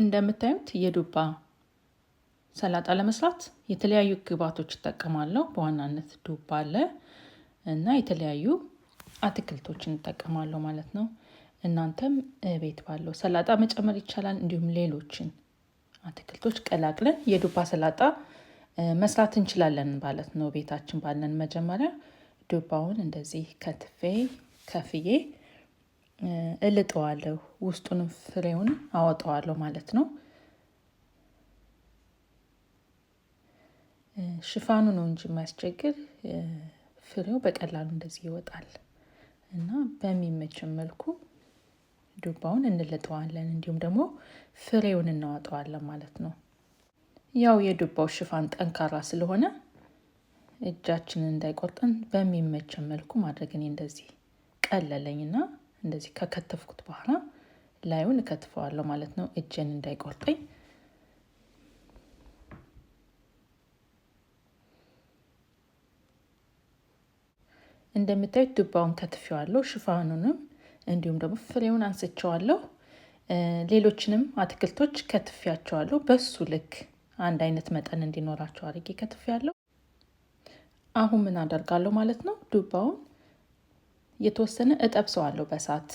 እንደምታዩት የዱባ ሰላጣ ለመስራት የተለያዩ ግብዓቶች እጠቀማለሁ። በዋናነት ዱባ አለ እና የተለያዩ አትክልቶችን እጠቀማለሁ ማለት ነው። እናንተም ቤት ባለው ሰላጣ መጨመር ይቻላል። እንዲሁም ሌሎችን አትክልቶች ቀላቅለን የዱባ ሰላጣ መስራት እንችላለን ማለት ነው። ቤታችን ባለን መጀመሪያ ዱባውን እንደዚህ ከትፌ ከፍዬ እልጠዋለሁ፣ ውስጡንም ፍሬውን አወጣዋለሁ ማለት ነው። ሽፋኑ ነው እንጂ የሚያስቸግር ፍሬው በቀላሉ እንደዚህ ይወጣል እና በሚመችን መልኩ ዱባውን እንልጠዋለን እንዲሁም ደግሞ ፍሬውን እናወጣዋለን ማለት ነው። ያው የዱባው ሽፋን ጠንካራ ስለሆነ እጃችንን እንዳይቆርጠን በሚመችን መልኩ ማድረግ እኔ እንደዚህ ቀለለኝና እንደዚህ ከከተፍኩት በኋላ ላዩን እከትፈዋለሁ ማለት ነው፣ እጄን እንዳይቆርጠኝ። እንደምታዩት ዱባውን ከትፌዋለሁ፣ ሽፋኑንም እንዲሁም ደግሞ ፍሬውን አንስቸዋለሁ። ሌሎችንም አትክልቶች ከትፌያቸዋለሁ። በሱ ልክ አንድ አይነት መጠን እንዲኖራቸው አድርጌ ከትፌያለሁ። አሁን ምን አደርጋለሁ ማለት ነው ዱባውን የተወሰነ እጠብሰዋለሁ በሳት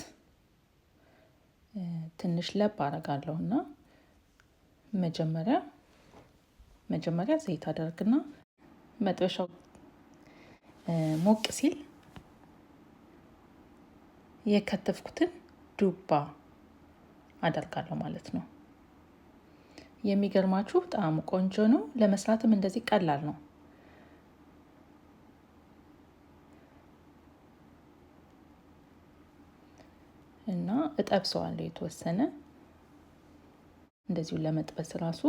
ትንሽ ለብ አረጋለሁ እና መጀመሪያ መጀመሪያ ዘይት አደርግና መጥበሻው ሞቅ ሲል የከተፍኩትን ዱባ አደርጋለሁ ማለት ነው። የሚገርማችሁ ጣዕሙ ቆንጆ ነው። ለመስራትም እንደዚህ ቀላል ነው። እና እጠብሰዋለሁ የተወሰነ እንደዚሁ ለመጥበስ ራሱ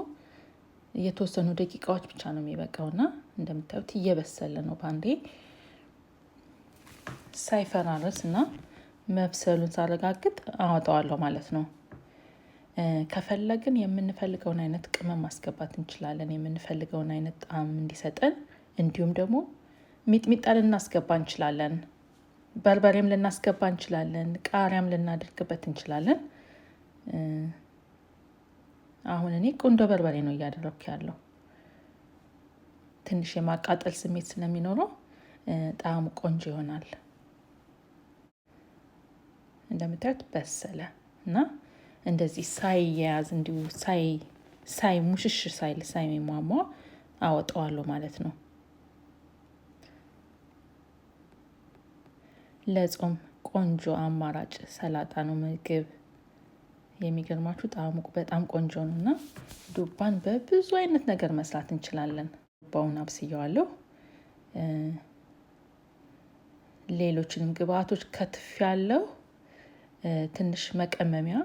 የተወሰኑ ደቂቃዎች ብቻ ነው የሚበቃው እና እንደምታዩት እየበሰለ ነው ባንዴ ሳይፈራረስ እና መብሰሉን ሳረጋግጥ አወጣዋለሁ ማለት ነው። ከፈለግን የምንፈልገውን አይነት ቅመም ማስገባት እንችላለን። የምንፈልገውን አይነት ጣዕም እንዲሰጠን እንዲሁም ደግሞ ሚጥሚጣ ልናስገባ እንችላለን። በርበሬም ልናስገባ እንችላለን። ቃሪያም ልናደርግበት እንችላለን። አሁን እኔ ቁንዶ በርበሬ ነው እያደረግኩ ያለው። ትንሽ የማቃጠል ስሜት ስለሚኖረው ጣዕሙ ቆንጆ ይሆናል። እንደምታዩት በሰለ እና እንደዚህ ሳይያያዝ እንዲሁ ሳይ ሳይ ሙሽሽ ሳይል ሳይ የሚሟሟ አወጣዋለሁ ማለት ነው። ለጾም ቆንጆ አማራጭ ሰላጣ ነው ምግብ። የሚገርማችሁ ጣዕሙ በጣም ቆንጆ ነው እና ዱባን በብዙ አይነት ነገር መስራት እንችላለን። ዱባውን አብስየዋለሁ። ሌሎችንም ግብአቶች ከትፍ ያለው ትንሽ መቀመሚያ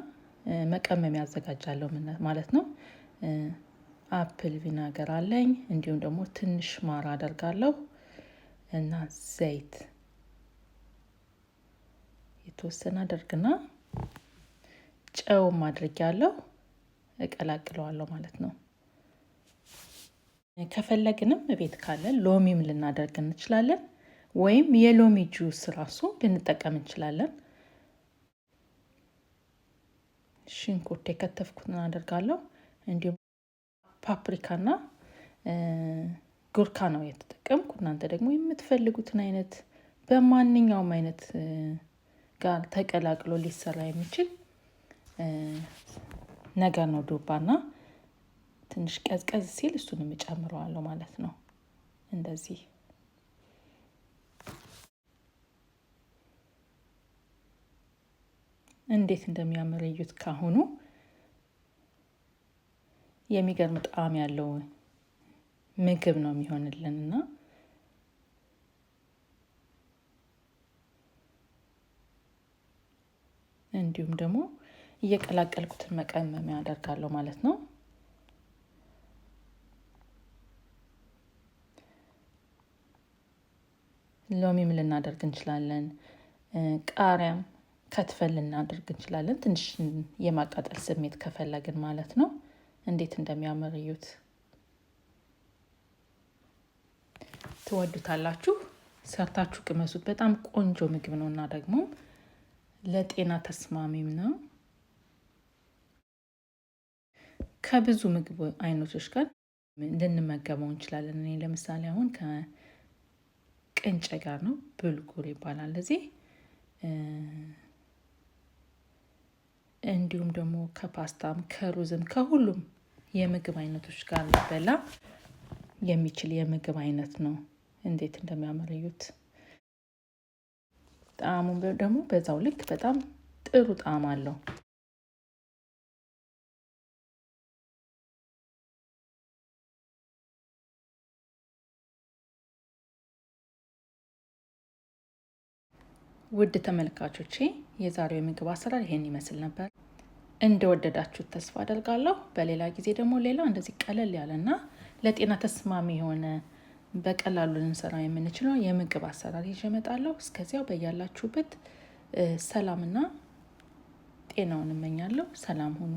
መቀመሚያ አዘጋጃለሁ ማለት ነው። አፕል ቪናገር አለኝ እንዲሁም ደግሞ ትንሽ ማር አደርጋለሁ እና ዘይት የተወሰነ አደርግና ጨውም አድርግ ያለው እቀላቅለዋለሁ ማለት ነው። ከፈለግንም እቤት ካለን ሎሚም ልናደርግ እንችላለን፣ ወይም የሎሚ ጁስ ራሱ ልንጠቀም እንችላለን። ሽንኩርት የከተፍኩትን እናደርጋለሁ። እንዲሁም ፓፕሪካና ጉርካ ነው የተጠቀምኩ። እናንተ ደግሞ የምትፈልጉትን አይነት በማንኛውም አይነት ጋር ተቀላቅሎ ሊሰራ የሚችል ነገር ነው ዱባና ትንሽ ቀዝቀዝ ሲል እሱን የምጨምረዋለሁ ማለት ነው። እንደዚህ እንዴት እንደሚያምር እዩት። ካሁኑ የሚገርም ጣዕም ያለው ምግብ ነው የሚሆንልን እና እንዲሁም ደግሞ እየቀላቀልኩትን መቀመሚያ አደርጋለሁ ማለት ነው። ሎሚም ልናደርግ እንችላለን። ቃሪያም ከትፈን ልናደርግ እንችላለን። ትንሽ የማቃጠል ስሜት ከፈለግን ማለት ነው። እንዴት እንደሚያምር እዩት። ትወዱታላችሁ። ሰርታችሁ ቅመሱት። በጣም ቆንጆ ምግብ ነው እና ደግሞ ለጤና ተስማሚም ነው። ከብዙ ምግብ አይነቶች ጋር ልንመገበው እንችላለን። እኔ ለምሳሌ አሁን ከቅንጨ ጋር ነው፣ ብልጉር ይባላል እዚህ። እንዲሁም ደግሞ ከፓስታም ከሩዝም ከሁሉም የምግብ አይነቶች ጋር ሊበላ የሚችል የምግብ አይነት ነው። እንዴት እንደሚያምር እዩት። ጣዕሙም ደግሞ በዛው ልክ በጣም ጥሩ ጣዕም አለው። ውድ ተመልካቾቼ የዛሬው የምግብ አሰራር ይሄን ይመስል ነበር። እንደወደዳችሁት ተስፋ አደርጋለሁ። በሌላ ጊዜ ደግሞ ሌላ እንደዚህ ቀለል ያለና ለጤና ተስማሚ የሆነ በቀላሉ ልንሰራ የምንችለው የምግብ አሰራር ይዤ እመጣለሁ። እስከዚያው በያላችሁበት ሰላምና ጤናውን እመኛለሁ። ሰላም ሁኑ።